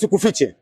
sikufiche,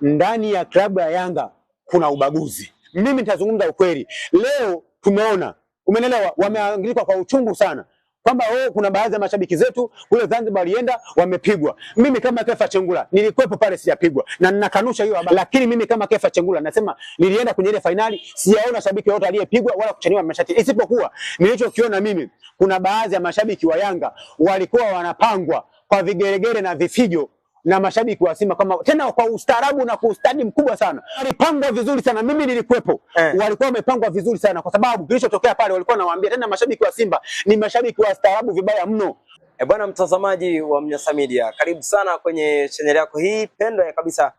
ndani ya klabu ya Yanga kuna ubaguzi. Mimi nitazungumza ukweli. Leo tumeona, umenelewa, wameangilikwa kwa uchungu sana kwamba wewe oh, kuna baadhi ya mashabiki zetu kule Zanzibar walienda wamepigwa. Mimi kama Kefa Chengula nilikuwepo pale, sijapigwa na ninakanusha hiyo habari, lakini mimi kama Kefa Chengula nasema nilienda kwenye ile fainali, sijaona shabiki yoyote aliyepigwa wala kuchaniwa mashati, isipokuwa nilichokiona mimi, kuna baadhi ya mashabiki wa Yanga walikuwa wanapangwa kwa vigeregere na vifijo na mashabiki wa Simba kama tena kwa ustaarabu na kwa ustadi mkubwa sana. Walipangwa vizuri sana, mimi nilikuwepo eh. Walikuwa wamepangwa vizuri sana kwa sababu kilichotokea pale walikuwa nawaambia tena, mashabiki wa Simba ni mashabiki wa staarabu vibaya mno. E bwana mtazamaji wa Mnyasa Media, karibu sana kwenye chaneli yako hii pendwa ya kabisa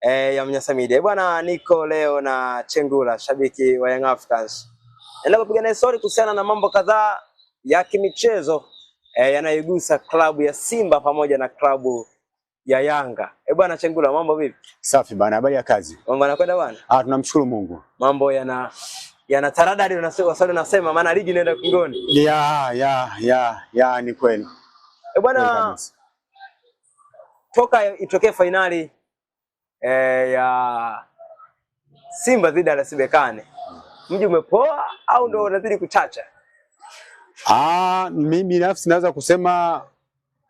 e, ya Mnyasa Media. E bwana, niko leo na Chengula, shabiki wa Young Africans, endapo kupiga naye story kuhusiana na mambo kadhaa ya kimichezo e, yanayogusa klabu ya Simba pamoja na klabu ya Yanga. Eh, bwana Chengula, mambo vipi? Safi bwana, habari ya kazi? Mambo yanakwenda bwana? Ah, tunamshukuru Mungu. Mambo yana yana taradadi waswali unasema maana ligi inaenda kingoni. Ya ya ya ya ni kweli. Eh, bwana toka itokee fainali eh, ya Simba dhidi ya RS Berkane. Mji umepoa au ndio unazidi kuchacha? Ah, mimi binafsi naweza kusema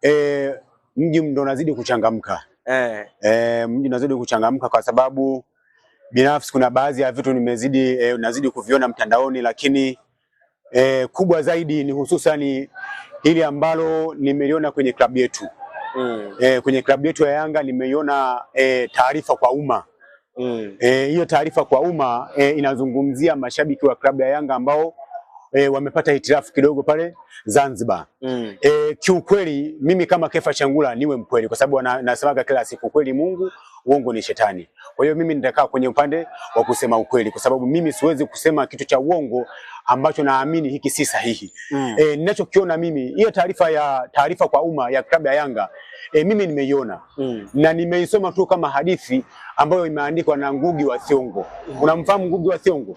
eh mji ndo unazidi kuchangamka eh. Eh, mji unazidi kuchangamka kwa sababu binafsi kuna baadhi ya vitu nimezidi eh, nazidi kuviona mtandaoni, lakini eh, kubwa zaidi ni hususan hili ambalo nimeliona kwenye klabu yetu mm. eh, kwenye klabu yetu ya Yanga nimeiona eh, taarifa kwa umma mm. Eh, hiyo mm. E, taarifa kwa umma eh, inazungumzia mashabiki wa klabu ya Yanga ambao e, wamepata hitirafu kidogo pale Zanzibar. Mm. E, kiukweli mimi kama Kefa Changula niwe mkweli kwa sababu nasemaga kila siku kweli Mungu, uongo ni shetani. Kwa hiyo mimi nitakaa kwenye upande wa kusema ukweli kwa sababu mimi siwezi kusema kitu cha uongo ambacho naamini hiki si sahihi. Mm. E, ninachokiona mimi hiyo taarifa ya taarifa kwa umma ya klabu ya Yanga e, mimi nimeiona. Mm. Na nimeisoma tu kama hadithi ambayo imeandikwa na Ngugi wa Thiong'o. Mm. Unamfahamu Ngugi wa Thiong'o?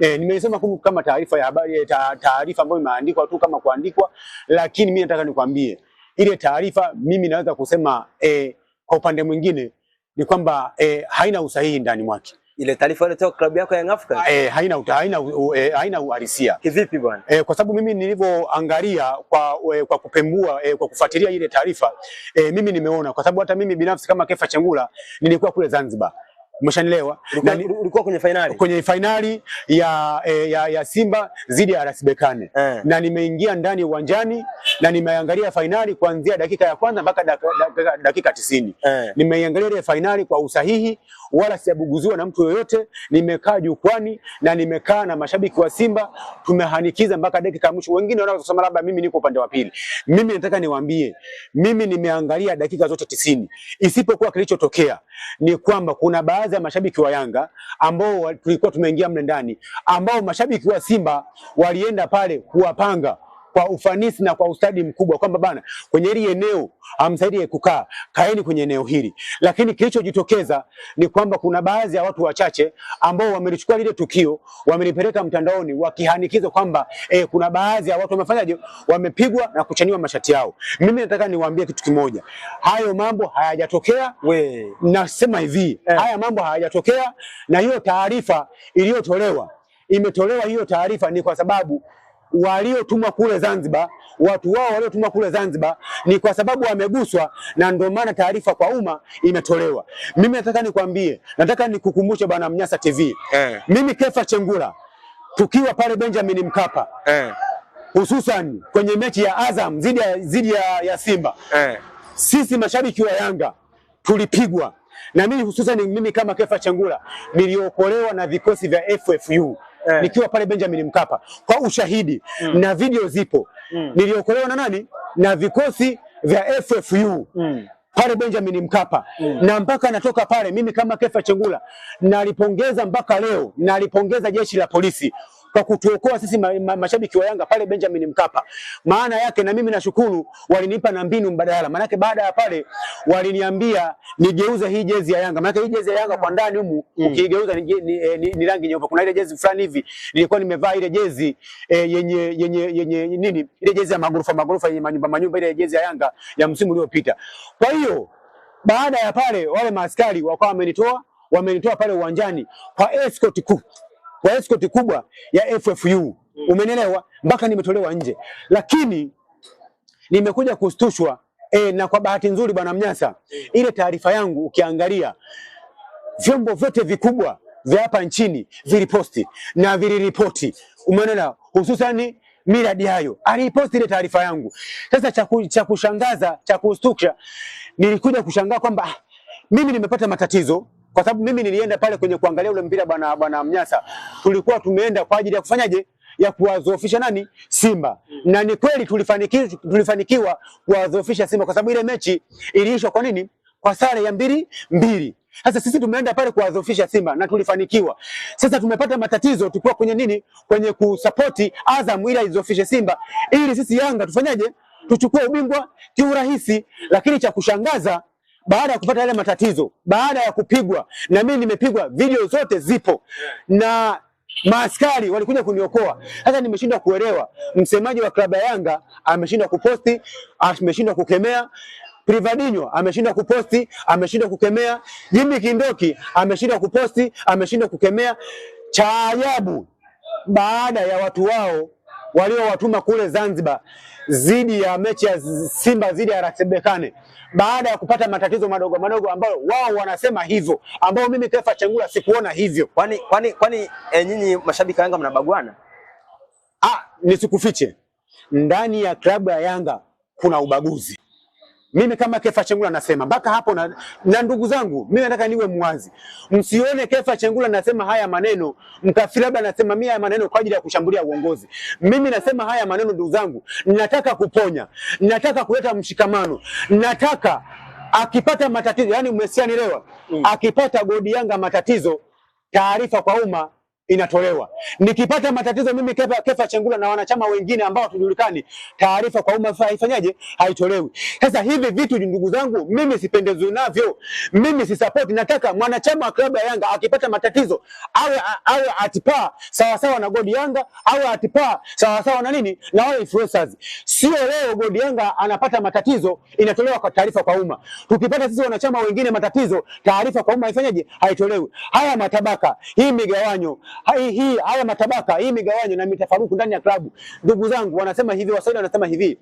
E, eh, nimesema kama taarifa ya habari, eh, taarifa ambayo imeandikwa tu kama kuandikwa, lakini mimi nataka nikwambie ile taarifa mimi naweza kusema e, kwa upande mwingine ni kwamba e, haina usahihi ndani mwake. Ile taarifa ile toka klabu yako Young Africans eh, haina haina e, haina uhalisia. Kivipi bwana? E, kwa sababu mimi nilivyoangalia kwa e, kwa kupembua e, kwa kufuatilia ile taarifa e, mimi nimeona kwa sababu hata mimi binafsi kama Kefa Chengula nilikuwa kule Zanzibar. Umeshanielewa? Ulikuwa kwenye finali. Kwenye finali ya, e, ya, ya Simba dhidi ya RS Berkane. Eh. Na nimeingia ndani uwanjani na nimeangalia finali kuanzia dakika ya kwanza mpaka dakika, dakika, tisini. Eh. Nimeiangalia ile finali kwa usahihi wala siabuguziwa na mtu yoyote. Nimekaa jukwani na nimekaa na mashabiki wa Simba tumehanikiza mpaka dakika ya mwisho. Wengine wanaweza kusema labda mimi niko upande wa pili. Mimi nataka niwaambie, mimi nimeangalia dakika zote tisini. Isipokuwa kilichotokea ni kwamba kuna baadhi baadhi ya mashabiki wa Yanga ambao tulikuwa tumeingia mle ndani, ambao mashabiki wa Simba walienda pale kuwapanga kwa ufanisi na kwa ustadi mkubwa kwamba bana, kwenye hili eneo amsaidie kukaa, kaeni kwenye eneo hili. Lakini kilichojitokeza ni kwamba kuna baadhi ya watu wachache ambao wamelichukua lile tukio, wamelipeleka mtandaoni wakihanikiza kwamba eh, kuna baadhi ya watu wamefanyaje, wamepigwa na kuchaniwa mashati yao. Mimi nataka niwaambie kitu kimoja, hayo mambo hayajatokea we. Nasema hivi eh, haya mambo hayajatokea, na hiyo taarifa iliyotolewa imetolewa hiyo taarifa ni kwa sababu waliotumwa kule Zanzibar, watu wao waliotumwa kule Zanzibar ni kwa sababu wameguswa, na ndio maana taarifa kwa umma imetolewa. Mimi nataka nikwambie, nataka nikukumbushe bwana Mnyasa TV eh. Mimi Kefa Chengula tukiwa pale Benjamin Mkapa eh. hususan kwenye mechi ya Azam zidi ya, zidi ya, ya Simba eh. sisi mashabiki wa Yanga tulipigwa na mimi hususan mimi kama Kefa Changula niliokolewa na vikosi vya FFU eh, nikiwa pale Benjamin Mkapa kwa ushahidi mm, na video zipo mm, niliokolewa na nani na vikosi vya FFU mm pale Benjamin Mkapa mm. na mpaka natoka pale, mimi kama Kefa Chengula nalipongeza mpaka leo, nalipongeza jeshi la polisi kwa kutuokoa sisi ma, ma, mashabiki wa Yanga pale Benjamin Mkapa. Maana yake na mimi nashukuru walinipa na mbinu mbadala. Maana yake baada ya pale waliniambia nigeuze hii jezi ya Yanga. Maana yake hii jezi ya Yanga kwa ndani humu mm. ukigeuza ni, ni, eh, ni, ni rangi nyeupe. Kuna ile jezi fulani hivi nilikuwa nimevaa ile jezi e, yenye, yenye yenye nini ile jezi ya magorofa magorofa yenye manyumba manyumba ile jezi ya Yanga ya msimu uliopita. Kwa hiyo baada ya pale wale maaskari wakawa wamenitoa wamenitoa pale uwanjani kwa escort kuu kwa escort kubwa ya FFU. Mm. Umenielewa? Mpaka nimetolewa nje, lakini nimekuja kustushwa e, eh, na kwa bahati nzuri bwana Mnyasa, mm. ile taarifa yangu ukiangalia vyombo vyote vikubwa vya hapa nchini viliposti na viliripoti, umeona hususani miradi hayo aliposti ile taarifa yangu. Sasa cha kushangaza cha kustuka, nilikuja kushangaa kwamba ah, mimi nimepata matatizo kwa sababu mimi nilienda pale kwenye kuangalia ule mpira bwana bwana Mnyasa, tulikuwa tumeenda kwa ajili ya kufanyaje ya kuwadhoofisha nani Simba mm. na ni kweli tulifanikiwa, tulifanikiwa kuwadhoofisha Simba kwa sababu ile mechi iliisha kwa nini? Kwa sare ya mbili mbili. Sasa sisi tumeenda pale kuwadhoofisha Simba na tulifanikiwa. Sasa tumepata matatizo tukiwa kwenye nini, kwenye kusapoti Azam ili aidhoofishe Simba ili sisi Yanga tufanyaje, tuchukue ubingwa kiurahisi. Lakini cha kushangaza baada ya kupata yale matatizo, baada ya kupigwa, na mimi nimepigwa, video zote zipo na maaskari walikuja kuniokoa. Sasa nimeshindwa kuelewa, msemaji wa klabu ya Yanga ameshindwa kuposti, ameshindwa kukemea Privadinho ameshindwa kuposti, ameshindwa kukemea. Jimmy Kindoki ameshindwa kuposti, ameshindwa kukemea. Cha ajabu, baada ya watu wao waliowatuma kule Zanzibar dhidi ya mechi ya Simba dhidi ya RS Berkane baada ya kupata matatizo madogo madogo ambayo wao wanasema hivyo, ambao mimi Kefa Chengula sikuona hivyo. Kwani kwani kwani e, nyinyi mashabiki wa Yanga mnabagwana? Ah, nisikufiche, ndani ya klabu ya Yanga kuna ubaguzi. Mimi kama Kefa Chengula nasema mpaka hapo na, na ndugu zangu, mimi nataka niwe mwazi. Msione Kefa Chengula nasema haya maneno mkafikiri labda nasema mimi haya maneno kwa ajili ya kushambulia uongozi. Mimi nasema haya maneno ndugu zangu, nataka kuponya, nataka kuleta mshikamano, nataka akipata matatizo, yani umesianielewa, mm. akipata godi Yanga matatizo, taarifa kwa umma inatolewa. Nikipata matatizo mimi Kefa, Kefa Chengula na wanachama wengine ambao hatujulikani, taarifa kwa umma haifanyaje? Haitolewi. Sasa hivi vitu ndugu zangu, mimi sipendezwi navyo, mimi si support. Nataka mwanachama wa klabu ya Yanga akipata matatizo awe awe atipaa sawa sawa na Godi Yanga, awe atipaa sawa sawa na nini na wale influencers. Sio leo Godi Yanga anapata matatizo inatolewa kwa taarifa kwa umma, tukipata sisi wanachama wengine matatizo, taarifa kwa umma haifanyaje? Haitolewi. Haya matabaka, hii migawanyo hai hii haya matabaka, hii migawanyo na mitafaruku ndani ya klabu. Ndugu zangu wanasema hivi, Waswahili wanasema hivi,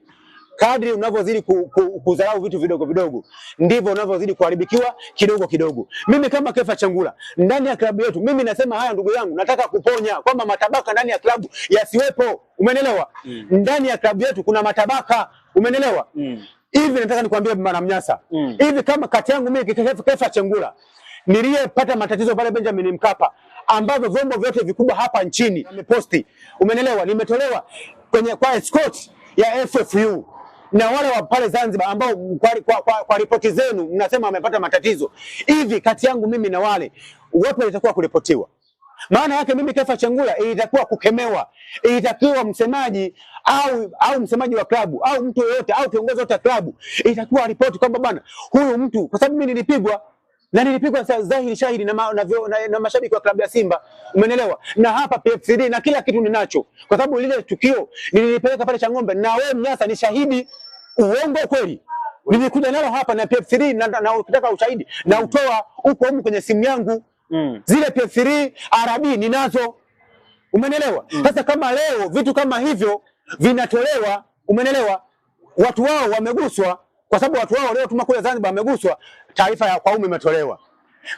kadri unavyozidi ku, ku, kudharau vitu vidogo vidogo ndivyo unavyozidi kuharibikiwa kidogo kidogo. Mimi kama Kefa Changula ndani ya klabu yetu, mimi nasema haya ndugu yangu, nataka kuponya kwamba matabaka ndani ya klabu yasiwepo, umenelewa? mm. ndani ya klabu yetu kuna matabaka, umenelewa? mm. nataka nikwambie bwana Mnyasa mm. hivi mm. kama kati yangu mimi Kefa Changula niliyepata matatizo pale Benjamin Mkapa ambazo vyombo vyote vikubwa hapa nchini nimeposti, umenelewa, nimetolewa kwenye kwa escort ya FFU na wale wa pale Zanzibar ambao kwa, kwa, kwa, kwa ripoti zenu mnasema wamepata matatizo hivi, kati yangu mimi na wale wote walitakiwa kuripotiwa. Maana yake mimi Kefa Changula ilitakiwa kukemewa, ilitakiwa msemaji au au msemaji wa klabu au mtu yoyote au kiongozi wote wa klabu ilitakiwa ripoti kwamba bwana, huyu mtu, kwa sababu mimi nilipigwa na nilipigwa dhahiri shahiri na, ma, na, na, na mashabiki wa klabu ya Simba, umeelewa? Na hapa PFCD na kila kitu ninacho, kwa sababu lile tukio nilipeleka pale Chang'ombe, na wewe Mnyasa ni shahidi. Uongo kweli? Nilikuja nalo hapa na PFCD na, na, ukitaka ushahidi na utoa huko huko kwenye simu yangu mm. Zile PFCD RB ninazo, umeelewa? Mm. Sasa mm. kama leo vitu kama hivyo vinatolewa, umeelewa? Watu wao wameguswa kwa sababu watu wao leo kule Zanzibar wameguswa, taarifa ya kwa umma imetolewa.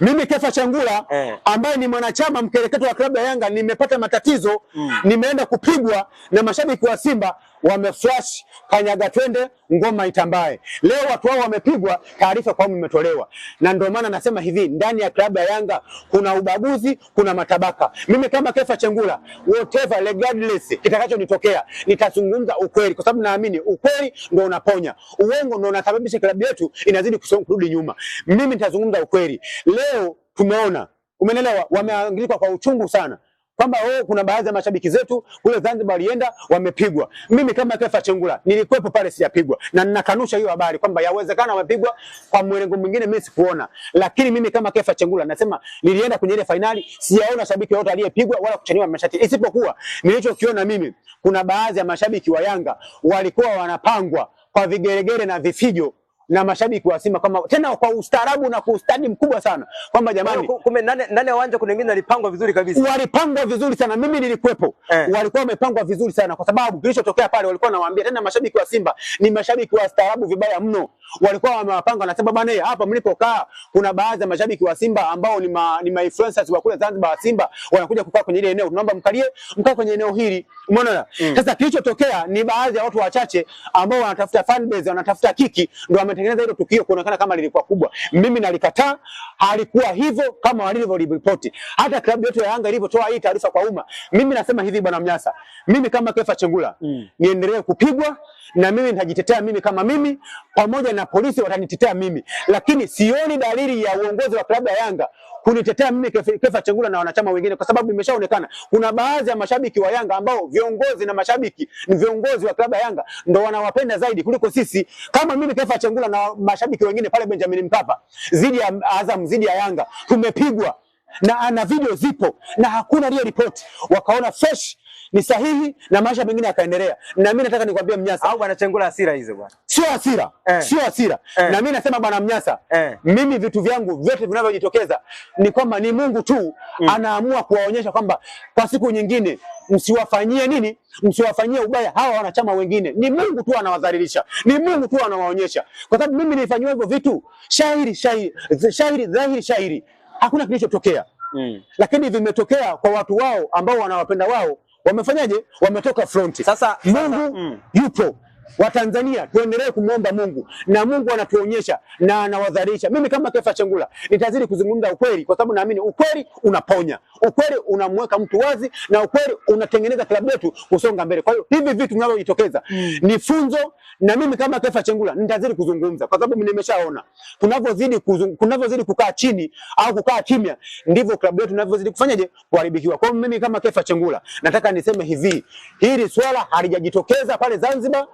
Mimi Kefa Changula eh, ambaye ni mwanachama mkereketo wa klabu ya Yanga nimepata matatizo mm, nimeenda kupigwa na mashabiki wa Simba wameflash kanyaga twende ngoma itambae. Leo watu hao wamepigwa, taarifa kwao imetolewa, na ndio maana nasema hivi, ndani ya klabu ya Yanga kuna ubaguzi, kuna matabaka. Mimi kama Kefa Chengula, whatever regardless kitakachonitokea, nitazungumza ukweli, kwa sababu naamini ukweli ndio unaponya, uongo ndio unasababisha klabu yetu inazidi kurudi nyuma. Mimi nitazungumza ukweli. Leo tumeona, umenelewa, wameangikwa kwa uchungu sana kwamba oh, kuna baadhi ya mashabiki zetu kule Zanzibar walienda wamepigwa. Mimi kama Kefa Chengula nilikuwepo pale, sijapigwa na ninakanusha hiyo habari kwamba yawezekana wamepigwa kwa mwelengo mwingine, mimi sikuona. Lakini mimi kama Kefa Chengula nasema nilienda kwenye ile fainali, sijaona shabiki yote aliyepigwa wala kuchaniwa mashati, isipokuwa nilichokiona mimi, kuna baadhi ya mashabiki wa Yanga walikuwa wanapangwa kwa vigeregere na vifijo na mashabiki wa Simba kama tena kwa ustaarabu na kwa ustadi mkubwa sana kwamba jamani, kumbe nane nane uwanja kuna wengine walipangwa vizuri kabisa, walipangwa vizuri sana. Mimi nilikuwepo eh, walikuwa wamepangwa vizuri sana, kwa sababu kilichotokea pale walikuwa nawaambia tena mashabiki wa Simba ni mashabiki wa staarabu vibaya mno walikuwa wamewapanga, wanasema bwana, eh, hapa mlipokaa kuna baadhi ya mashabiki wa Simba ambao ni ma, ni ma influencers wa kule Zanzibar wa Simba wanakuja kukaa kwenye ile eneo, tunaomba mkalie mkaa kwenye eneo hili, umeona mm. Sasa kilichotokea ni baadhi ya watu wachache ambao wanatafuta fan base, wanatafuta kiki, ndio wametengeneza hilo tukio kuonekana kama lilikuwa kubwa. Mimi nalikataa, halikuwa hivyo kama walivyoripoti. Hata klabu yetu ya Yanga ilivyotoa hii taarifa kwa umma, mimi nasema hivi bwana Mnyasa, mimi kama Kefa Chengula mm. niendelee kupigwa na mimi nitajitetea mimi kama mimi, pamoja na polisi watanitetea mimi, lakini sioni dalili ya uongozi wa klabu ya Yanga kunitetea mimi Kefa Chengula na wanachama wengine, kwa sababu imeshaonekana kuna baadhi ya mashabiki wa Yanga ambao viongozi na mashabiki ni viongozi wa klabu ya Yanga ndo wanawapenda zaidi kuliko sisi. Kama mimi Kefa Chengula na mashabiki wengine pale Benjamin Mkapa zidi ya Azam zidi ya Yanga tumepigwa na ana video zipo na hakuna hiyo report, wakaona fresh ni sahihi na maisha mengine yakaendelea. Na mimi nataka nikwambie Mnyasa, au bwana Chengula, hasira hizo bwana, sio hasira eh, sio hasira eh. Na mimi nasema bwana Mnyasa eh, mimi vitu vyangu vyote vinavyojitokeza ni kwamba ni Mungu tu mm, anaamua kuwaonyesha kwamba kwa siku nyingine msiwafanyie nini, msiwafanyie ubaya hawa wanachama wengine. Ni Mungu tu anawadhalilisha, ni Mungu tu anawaonyesha, kwa sababu mimi nilifanyiwa hivyo vitu shahiri shahiri shahiri dhahiri shahiri, hakuna kilichotokea mm, lakini vimetokea kwa watu wao ambao wanawapenda wao Wamefanyaje? Wametoka fronti. Sasa Mungu mm, yupo Watanzania tuendelee kumwomba Mungu na Mungu anatuonyesha na anawadharisha. Mimi kama Kefa Chengula nitazidi kuzungumza ukweli, kwa sababu naamini ukweli unaponya, ukweli unamweka mtu wazi, na ukweli unatengeneza klabu yetu kusonga mbele. Kwa hiyo hivi vitu vinavyojitokeza mm. ni funzo, na mimi kama Kefa Chengula nitazidi kuzungumza, kwa sababu nimeshaona tunavyozidi tunavyozidi kukaa chini au kukaa kimya, ndivyo klabu yetu inavyozidi kufanyaje kuharibikiwa. Kwa hiyo mimi kama Kefa Chengula nataka niseme hivi, hili swala halijajitokeza pale Zanzibar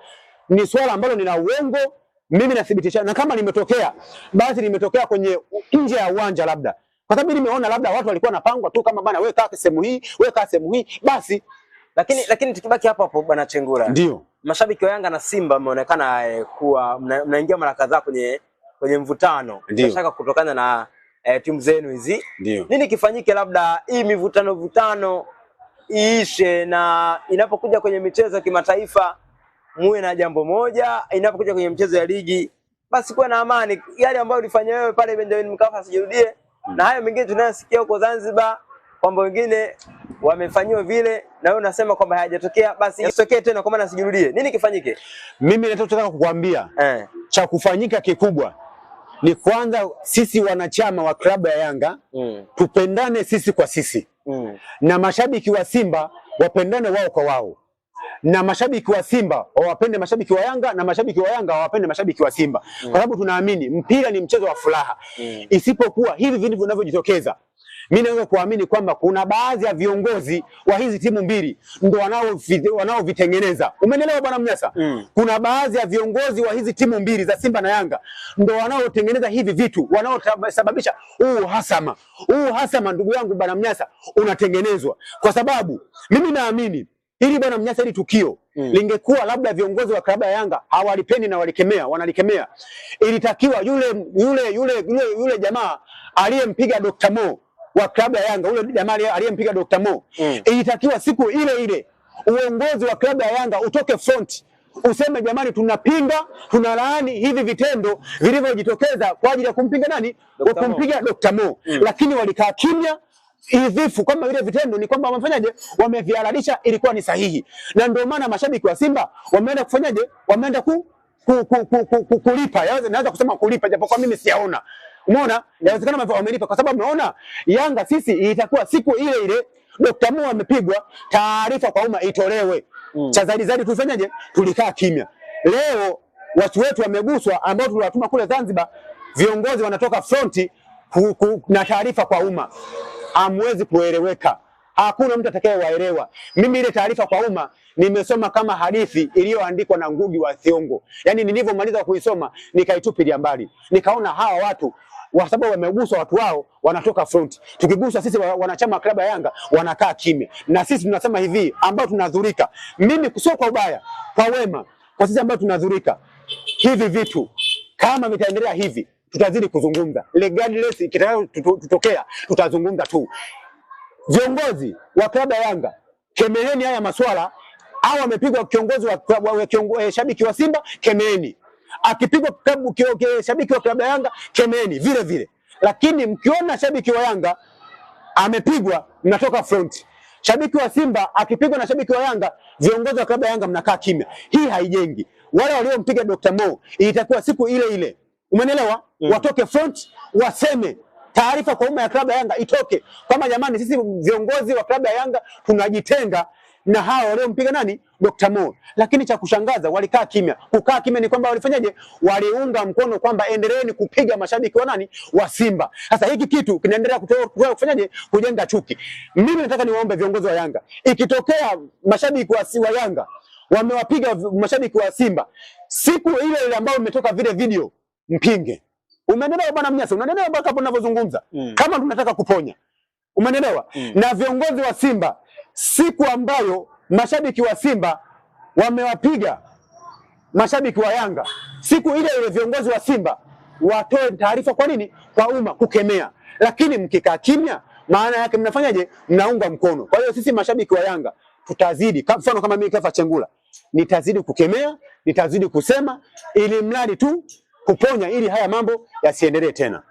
ni swala ambalo nina uongo mimi nathibitisha, na kama limetokea basi limetokea kwenye nje ya uwanja labda, kwa sababu nimeona labda watu walikuwa wanapangwa tu kama bana, wewe kaa sehemu hii, wewe kaa sehemu hii basi. Lakini lakini tukibaki hapo hapo bwana Chengura, ndio mashabiki wa Yanga na Simba wameonekana eh, kuwa mnaingia mna mara kadhaa kwenye kwenye mvutano, shaka kutokana na eh, timu zenu hizi. Nini kifanyike labda hii mivutano vutano iishe, na inapokuja kwenye michezo ya kimataifa muwe na jambo moja inapokuja kwenye mchezo ya ligi, basi kuwa na amani. Yale ambayo ulifanya wewe pale Benjamin Mkapa asijirudie, hmm. na hayo mengine tunayosikia huko Zanzibar kwamba wengine wamefanyiwa vile na wewe unasema kwamba hayajatokea, basi isitokee tena, kwa maana asijirudie. Nini kifanyike? Mimi nataka kukuambia eh, cha kufanyika kikubwa ni kwanza sisi wanachama wa klabu ya Yanga mm. tupendane sisi kwa sisi mm. na mashabiki wa Simba wapendane wao kwa wao na mashabiki wa Simba wawapende mashabiki wa Yanga na mashabiki wa Yanga wawapende mashabiki wa Simba mm. kwa sababu tunaamini mpira ni mchezo wa furaha mm. isipokuwa hivi vitu vinavyojitokeza mimi naweza kuamini kwamba kuna baadhi ya viongozi wa hizi timu mbili ndo wanaovitengeneza. Umeelewa bwana Mnyasa? mm. kuna baadhi ya viongozi wa hizi timu mbili za Simba na Yanga ndo wanaotengeneza hivi vitu, wanaosababisha huu uhasama. Huu uhasama, ndugu yangu bwana Mnyasa, unatengenezwa kwa sababu mimi naamini Hili bwana Mnyasa, ili tukio mm. lingekuwa labda viongozi wa klabu ya Yanga hawalipendi na walikemea, wanalikemea, ilitakiwa yule yule yule yule, yule jamaa aliyempiga Dr. Mo wa klabu ya Yanga, yule jamaa aliyempiga Dr. Mo mm. ilitakiwa siku ile ile uongozi wa klabu ya Yanga utoke front useme jamani, tunapinga tunalaani hivi vitendo vilivyojitokeza kwa ajili ya kumpiga nani, wa kumpiga Dr. Mo mm. lakini walikaa kimya hivifu kama vile vitendo ni kwamba wamefanyaje, wamevihalalisha, ilikuwa ni sahihi, na ndio maana mashabiki wa Simba wameenda kufanyaje, wameenda ku, ku, ku, ku, ku, ku, kulipa. Yaweza naweza kusema kulipa, japo kwa mimi siyaona. Umeona, inawezekana wamelipa kwa sababu umeona Yanga sisi itakuwa siku ile ile Dokta Mu amepigwa, taarifa kwa umma itolewe mm. cha zaidi zaidi tufanyaje? tulikaa kimya. Leo watu wetu wameguswa, ambao tuliwatuma kule Zanzibar, viongozi wanatoka fronti na taarifa kwa umma hamwezi kueleweka. Hakuna mtu atakayewaelewa. Mimi ile taarifa kwa umma nimesoma kama hadithi iliyoandikwa na Ngugi wa Thiong'o. Yaani nilivyomaliza kuisoma nikaitupilia mbali. Nikaona hawa watu kwa sababu wameguswa watu wao wanatoka front. Tukiguswa sisi wanachama wa klabu ya Yanga wanakaa kimya. Na sisi tunasema hivi ambao tunadhurika. Mimi sio kwa ubaya, kwa wema. Kwa sisi ambao tunadhurika. Hivi vitu kama vitaendelea hivi tutazidi kuzungumza regardless, kitakayo tutokea tutazungumza tu. Viongozi wa klabu Yanga, kemeeni haya maswala au amepigwa kiongozi wa, klabu wa kiongo, eh, shabiki wa Simba kemeeni, akipigwa klabu kioke shabiki wa klabu Yanga kemeeni vile vile, lakini mkiona shabiki wa Yanga amepigwa mnatoka front. Shabiki wa Simba akipigwa na shabiki wa Yanga, viongozi wa klabu ya Yanga mnakaa kimya. Hii haijengi. Wale waliompiga Dr. Mo itakuwa siku ile ile Umenielewa? Mm. Watoke front waseme taarifa kwa umma ya klabu ya Yanga itoke kama jamani, sisi viongozi wa klabu ya Yanga tunajitenga na hao waliompiga nani Dr. Mo. Lakini cha kushangaza walikaa kimya. Kukaa kimya ni kwamba walifanyaje? Waliunga mkono kwamba endeleeni kupiga mashabiki wa nani wa Simba. Sasa hiki kitu kinaendelea kutoa kufanyaje? Kujenga chuki. Mimi nataka niwaombe viongozi wa Yanga, ikitokea mashabiki wa, wa Yanga wamewapiga mashabiki wa Simba siku ile ile ambayo imetoka vile video mpinge. Umeelewa bwana Mnyasa? Unaelewa mpaka hapo ninavyozungumza? Mm. Kama tunataka kuponya. Umeelewa? Mm. Na viongozi wa Simba siku ambayo mashabiki wa Simba wamewapiga mashabiki wa Yanga, siku ile ile viongozi wa Simba watoe taarifa. Kwa nini? Kwa umma kukemea. Lakini mkikaa kimya, maana yake mnafanyaje? Mnaunga mkono. Kwa hiyo sisi mashabiki wa Yanga tutazidi, kwa mfano kama mimi Kafa Chengula, nitazidi kukemea, nitazidi kusema, ili mradi tu kuponya ili haya mambo yasiendelee tena.